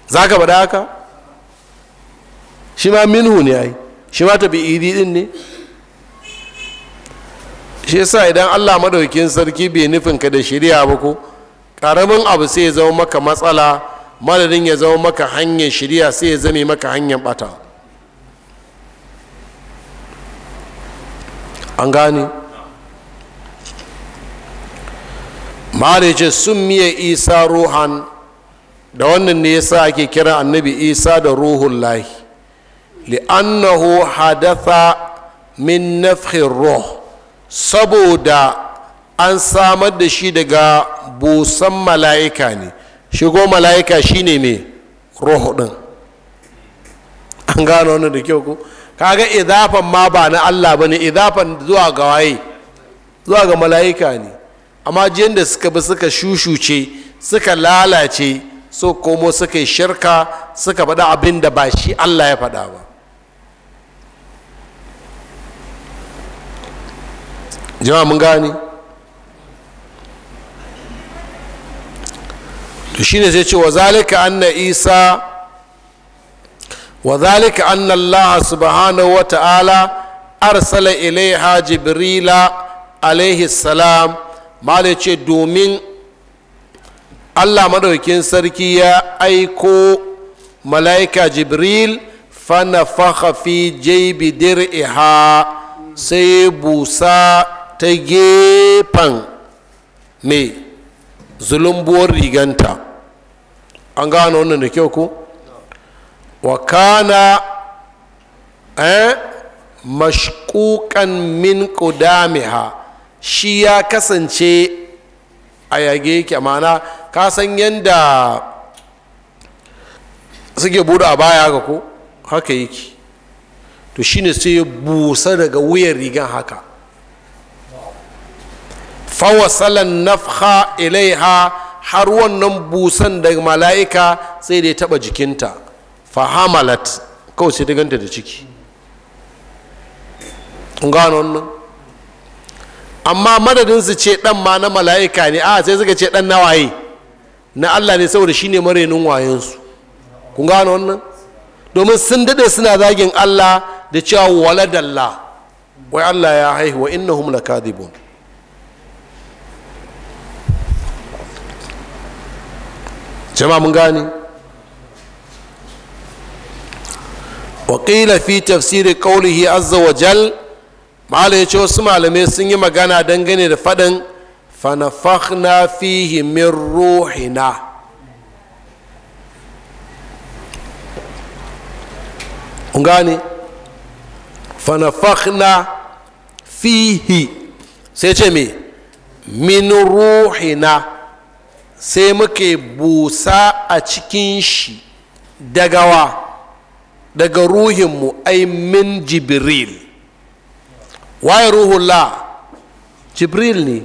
zaka bada haka shi ma minhu ne ai shi ma idi din ne shi yasa idan Allah madaukin sarki bai nufin ka da shari'a ba ko Karamin abu sai ya zama maka matsala madadin ya zama maka hanyar shirya sai ya zame maka hanyar bata an gane ce sun miye isa ruhan da wannan ne yasa ake kira annabi isa da ruhun lahi li'annahu hadatha min nafhin ruh saboda an samar da shi daga busan mala'ika ne shigo mala'ika shi ne mai roho ɗin an gano wani da kyau ku kaga idafan ma ba na allah ba ne idafan zuwa ga waye zuwa ga mala'ika ne amma jiyan da suka bi suka shushuce suka lalace so komo suka yi shirka suka faɗa abin da ba shi allah ya faɗa ba jama'a mun gani. to shine zai ce wa zalika anna isa wa zalika anna allah subhanahu wa ta'ala arsala ilaiha jibrila alaihi salam mala ce domin allah madaukin sarki ya aiko mala'ika jibril fanafaha fi jaibi dir'iha sai busa ta gefen mai zulumbuwar riganta an gano wannan da kyau ku wa kana eh, mashkukan min qudamiha shi ya kasance a yage yake mana ka san yadda suke buɗe a baya ga ku haka yake to shine sai ya busa daga wuyan rigan haka fawasalan nafha ilaiha har wannan busan da mala'ika sai da ya taba jikinta fahamalat kawai sai ta ganta da ciki gano wannan amma madadin su ce dan ma na mala'ika ne a sai suka ce dan nawaye na Allah ne saboda shine marenin wayensu kun gano wannan domin sun dade suna zagin Allah da cewa waladalla wai Allah ya haihu wa innahum lakadhibun jama'a mun gane waƙila fi tafsiri ƙaunihi azza wa jal ma'ala ya ce wasu malamai sun yi magana dangane da faɗin fanafakhna fihi min ruhina gane fanafakhna fihi sai ce me min ruhina sai muke busa a cikin shi dagawa daga ruhinmu ai min jibril waye ruhullah jibril ne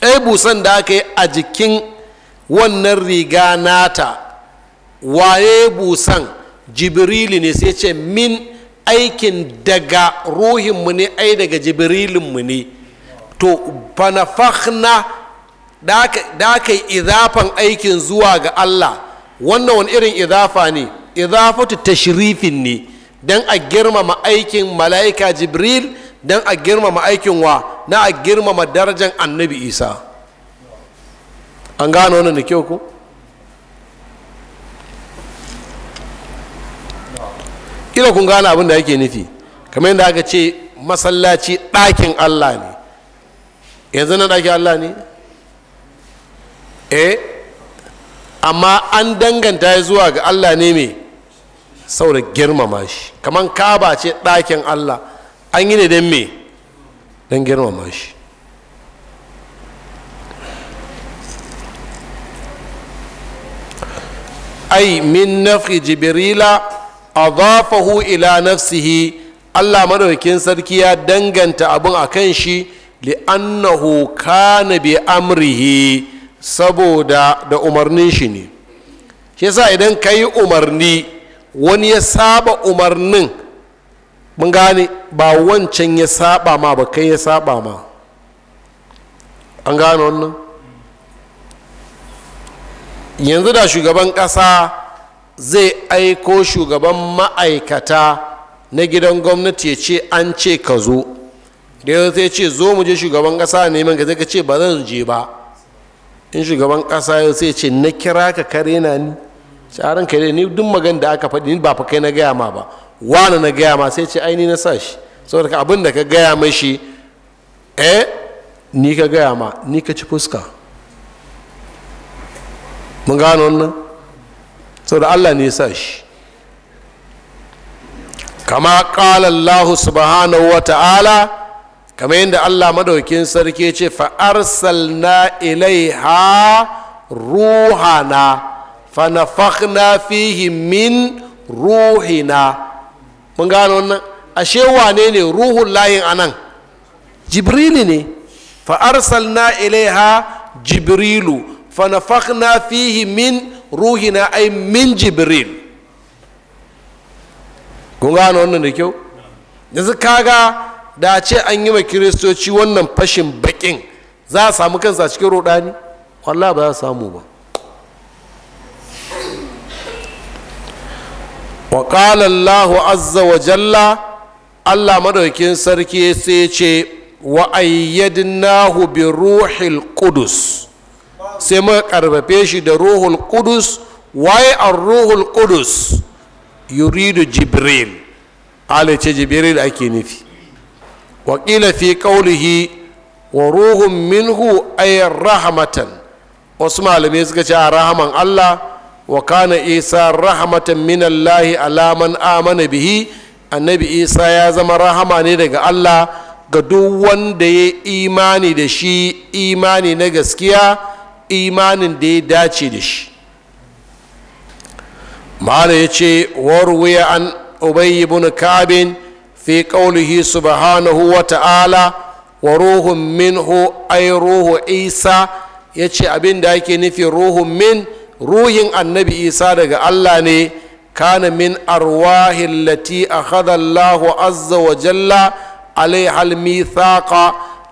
ai busan da aka yi a jikin wannan riga nata waye busan jibril ne sai ce min aikin daga ruhinmu ne ai daga jibrilinmu ne to fanafakna da aka yi izafan aikin zuwa ga Allah wannan wani irin izafa ne izafatu tashrifin ne don a girmama aikin mala'ika jibril don a girmama aikin wa na a girmama darajar annabi isa an gano wani da kyau ku kila kun gane abin da yake nufi kamar yadda aka ce masallaci ɗakin allah ne yanzu na ɗakin allah ne eh amma an danganta zuwa ga allah ne mai saura girmama shi kamar kaba ce ɗakin allah an yi ne don me don girmama shi ai min nafi jibrila adafahu ila nafsihi allah madaukin sarki ya danganta abin a kan shi li'annahu kana bi amrihi saboda da umarnin shi ne shi yasa idan ka yi umarni wani ya saba umarnin mun gane ba wancan ya saba ma ba kai ya saba ma an gane wannan yanzu da shugaban ƙasa zai aiko shugaban ma'aikata na gidan gwamnati ya ce an ce ka zo da yanzu sai ce zo mu je shugaban ƙasa neman ka zai ka ce ba zan je ba in shugaban kasa yau sai ce na kira ka kare na ni tsarin kare ni duk magan da aka faɗi ni ba fa kai na gaya ma ba wani na gaya ma sai ce aini na sa shi saboda abin da ka gaya mashi eh ni ka gaya ma ni ka ci fuska mun gano wannan saboda allah ne ya sa shi kama ƙala allahu subhanahu wa ta'ala kamar yadda allah madaukin sarki ce fa'arsalna ilaiha ruhana fanafakhna fihi min ruhina mun gano wannan ashe wane ne ruhun layin anan jibrili ne fa'arsalna ilaiha jibrilu fanafakhna fihi min ruhina ai min jibril kun gano wannan da kyau yanzu kaga da ce an yi wa kiristoci wannan fashin bakin za a samu kansa cikin rudani wallah ba za a samu ba wa lahu azza wa jalla allah maɗaukin sarki sai ce wa nahu bi ruhil Kudus sai muka karbafe shi da ruhul kudus waye an ruhul kudus yuridu jibril ce jibril ake nufi waƙila fi ƙaunihi waruhun ruhun minhu ayar rahamatan wasu malamai suka ce a rahaman allah wa kana isa rahamatan minallahi alaman amana bihi annabi isa ya zama rahama ne daga allah ga duk wanda ya imani da shi imani na gaskiya imanin da ya dace da shi Malam ya ce warwiya an ubayi ibn kabin fi qawlihi subhanahu wa ta'ala wa ruhun minhu ai ruhu isa ya ce abin da ake nufi ruhun min ruhin annabi isa daga allah ne kana min arwahin lati a alai azza wa jalla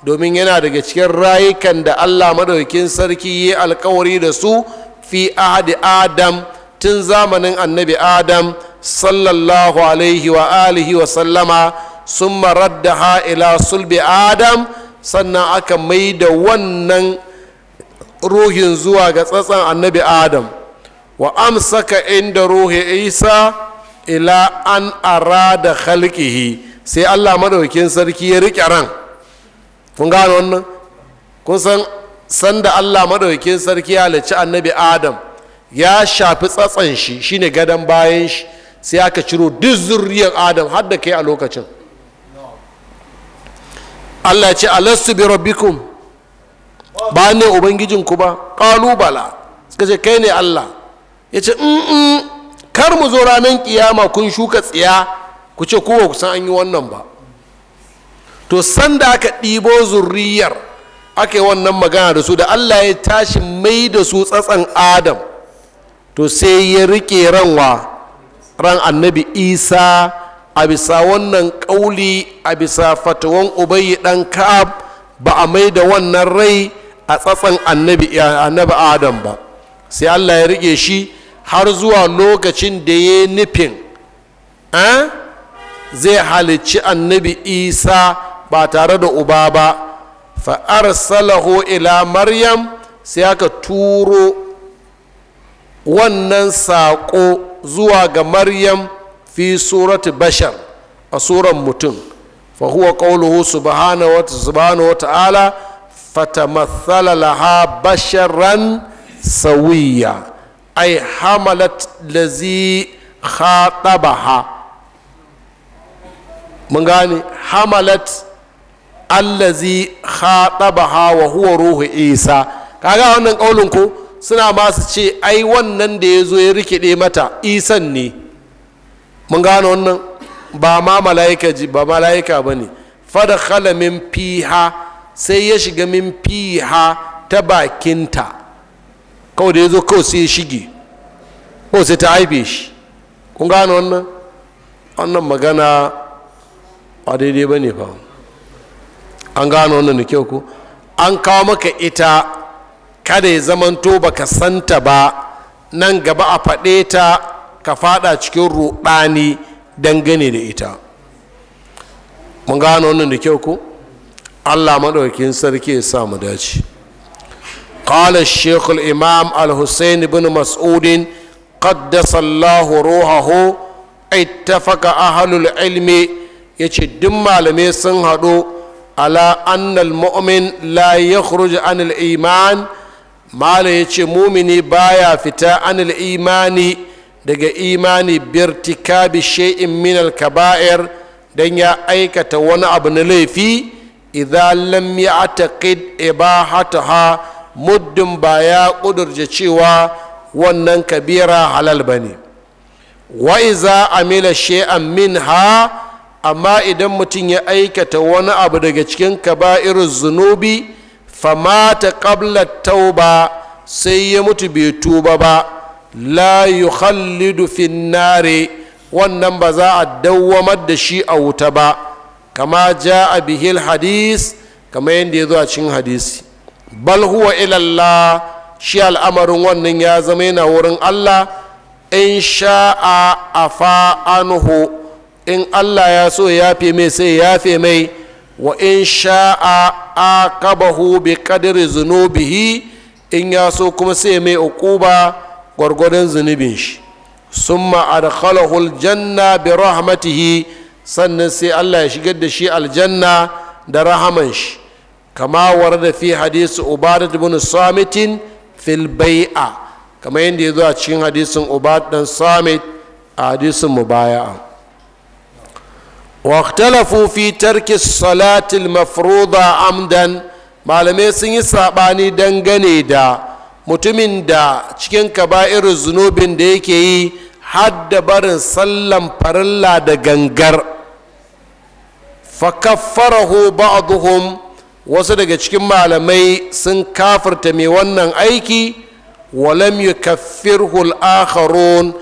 domin yana daga cikin rayukan da allah madaukin sarki ya alkawari da su fi ahadi adam tun zamanin annabi adam sallallahu alaihi wa alihi wa sallama sun marar da ha'ila sulbi adam sannan aka mai da wannan ruhin zuwa ga tsatsan annabi adam wa amsaka inda ruhi isa ila an arada halkihi sai allah madaukin sarki ya riƙe ran kun gano wannan kun san sanda allah madaukin sarki ya halici annabi adam ya shafi tsatsan shi shine gadon bayan shi sai aka ciro duk zuriyar adam har da kai a lokacin allah ce alastu bi rabbikum ba ne ubangijinku ba kalubala suka ce kai ne allah ya ce mm, mm, kar mu zo ranar kiyama kun shuka tsiya ku ce kowa kusan an yi wannan ba to sanda aka ɗibo zurriyar aka yi wannan magana da su da allah ya tashi mai da su tsatsan adam to sai ya rike ranwa ran annabi isa a bisa wannan ƙauli a bisa fatawan ubayi dan ka'ab ba a mai da wannan rai a tsatsan annabi adam ba sai allah ya rike shi har zuwa lokacin da ya nufin zai halicci annabi isa ba tare da uba ba fa'ar salahu ila maryam sai aka turo wannan saƙo zuwa ga maryam fi surati bashar a suran mutum fa huwa qawluhu subhanahu wa subhanahu wa ta'ala fatamathala laha basharan sawiya ay hamalat lazi khatabaha mun gane hamalat allazi khatabaha wa huwa ruhu isa kaga wannan kaulin ko suna masu ce ai wannan da ya zo ya rikide mata isan ne mun gano wannan ba ma mala'ika ji ba mala'ika ba ne fada khala min fiha sai ya shiga min fiha ta bakinta kawai da ya zo kawai sai ya shige ko sai ta haife shi kun gano wannan wannan magana a daidai ba ne ba an gano wannan da kyau ko an kawo maka ita kada ya zamanto ba ka santa ba nan gaba a faɗe ka faɗa cikin ruɓani dangane da ita mun gano wannan da kyau ku allah maɗaukin sarki ya sa mu dace ƙala shekul imam al-hussain bin mas'udin ƙaddasa allahu roha ho ita faka a halul ilmi ya ce duk malamai sun haɗo ala'annal mumin la ya kuruji an al'iman imam malam ya ce mumini baya fita anil imani daga imani birtikabi shay'in min al-kaba'ir dan ya aikata wani abu na laifi idza lam ya'taqid ibahataha muddin ba ya kudurje cewa wannan kabira halal bane wa iza amila shay'an minha amma idan mutum ya aikata wani abu daga cikin kaba'iruz zunubi famata qabla tauba sai ya mutu bai tuba ba la yukhallidu finnare wannan ba za a dawwamar da shi a wuta ba kama ja a bihil hadis kama yadda ya zo a cikin hadisi bal huwa ilallah shi al'amarin wannan ya zama yana wurin allah in sha'a a fa'anuhu in allah ya so ya fi mai sai ya fi mai wa in sha'a aqabahu bi qadri zunubihi in ya so kuma sai mai uquba gwargwadon zunubin shi summa adkhalahu aljanna bi rahmatihi sannan sai Allah ya shigar da shi aljanna da rahaman shi kama warada fi hadisi ubadat ibn samitin fil bai'a kamar yadda ya zo a cikin hadisin ubad dan samit a hadisin mubaya'a واختلفوا في ترك الصلاة المفروضة عمدا malamai sun yi saɓani dangane da mutumin da cikin kaba'ir zunubin da yake yi hadda barin Sallar farilla da gangar fakaffarahu ba'duhum wasu daga cikin malamai sun kafarta mai wannan aiki walam yukaffirhu al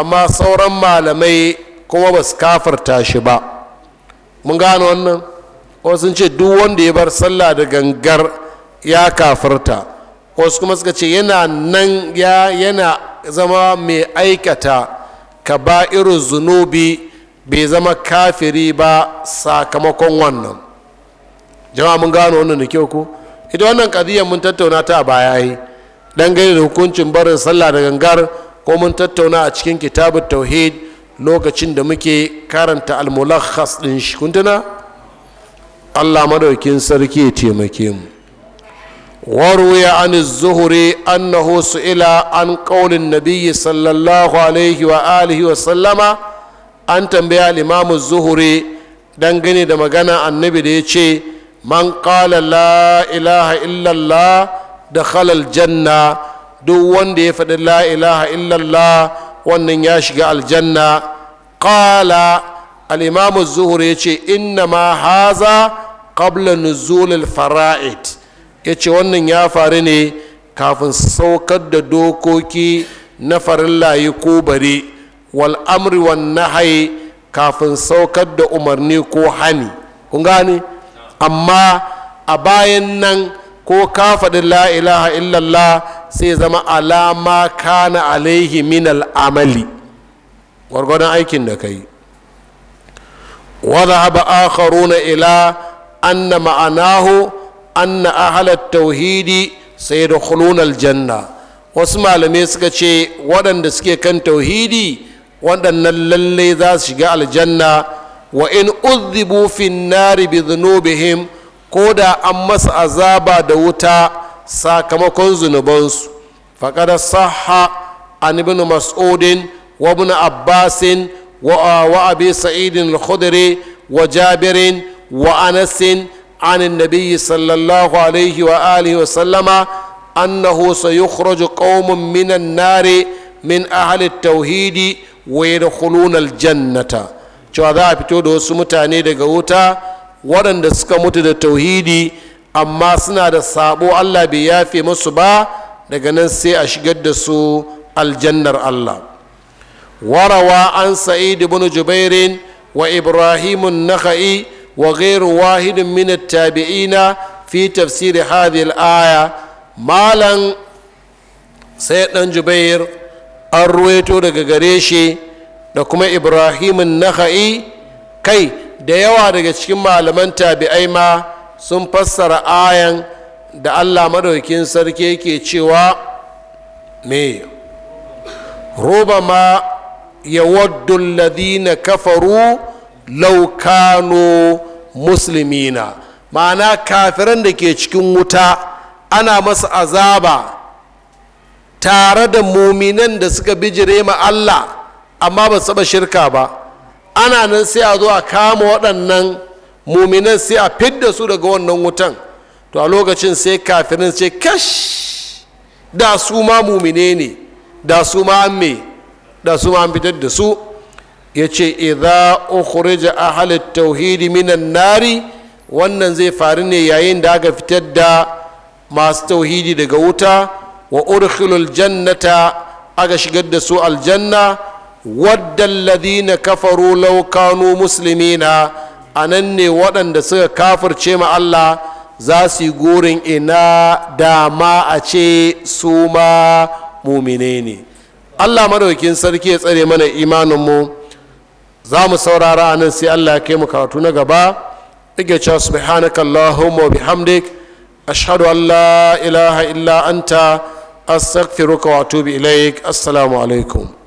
amma sauran malamai kuma ba su kafirta shi ba mun gano wannan wasu sun ce duk wanda ya bar sallah da gangar ya kafarta wasu kuma suka ce yana nan ya yana zama mai aikata ka ba irin zunubi bai zama kafiri ba sakamakon wannan jama'a mun gano wannan da kyau ko ita wannan kadiyar mun tattauna ta a baya yi dangane da hukuncin barin sallah da gangar ko mun tattauna a cikin kitabun tauhid lokacin da muke karanta al-mulakhas din shi kuntuna Allah madaukin sarki ya taimake mu waruwa ya an zuhuri an su'ila an ƙaunin nabiyyi sallallahu alaihi wa alihi wa sallama an tambaya limamu zuhuri dangane da magana annabi da ya ce man ƙala la ilaha illallah da halal janna duk wanda ya faɗi la ilaha illallah wannan ya shiga aljanna qala al-imam az ce yace inna ma haza qabla nuzul al-fara'id yace wannan ya faru ne kafin saukar da dokoki na farin layi ko bare wal amri wan nahyi kafin saukar da umarni ko hani kun gane amma a bayan nan ko ka faɗi la ilaha illallah sai zama alama kana alaihi min al'amali gwargwadon aikin da ka yi wadda haɓa akharuna ila anna ma'anahu anna ahalar tauhidi sai da janna wasu malamai suka ce waɗanda suke kan tauhidi waɗannan lallai za su shiga aljanna wa in uzzibu fin nari bi zunubihim ko da an masa azaba da wuta sakamakon zunubansu faƙada saha an mas'udin wa ibn abbasin wa uh, sa'idin al-khudri wa jabirin wa anasin عن النبي صلى الله عليه وآله وسلم أنه سيخرج قوم من النار من أهل التوحيد ويدخلون الجنة cewa za a fito da wasu mutane daga wuta waɗanda suka mutu da tauhidi amma suna da sabo allah bai yafe musu ba daga nan sai a shigar da su aljannar allah warawa an sa'id ibn jubairin wa ibrahim naka'i wa ghairu wahidin min tabi'ina fi tafsiri hadhihi al-aya malan sai dan jubair an ruwaito daga gare shi da kuma ibrahim naka'i kai da yawa daga cikin malaman tabi'ai ma sun fassara ayan da allah madaukin sarki yake cewa me rubama ya waddu ladina kafaru laukano musulmina ma'ana kafiran da ke cikin wuta ana masa azaba tare da muminan da suka bijire ma allah amma ba su shirka ba ana nan sai a zo a kama waɗannan muminan sai a fidda su daga wannan wutan to a lokacin sai kafirin ce kash da su ma mumine ne da su ma an me da su ma an fitar da su ya ce idza ukhrija ahli tauhidi minan nari wannan zai faru ne yayin da aka fitar da masu tauhidi daga wuta wa urkhilul jannata aka shigar da su aljanna wadda alladhina kafaru law kanu muslimina a nan ne waɗanda suka kafirce ma Allah za su yi gorin ina dama a ce su ma mumine ne Allah madaukin sarki ya tsare mana imaninmu za mu saurara a nan sai Allah ya kai mu karatu na gaba ɗage cewa subhanaka Allahumma wa bihamdik ashhadu an la ilaha illa anta astaghfiruka wa atubu ilaik assalamu alaikum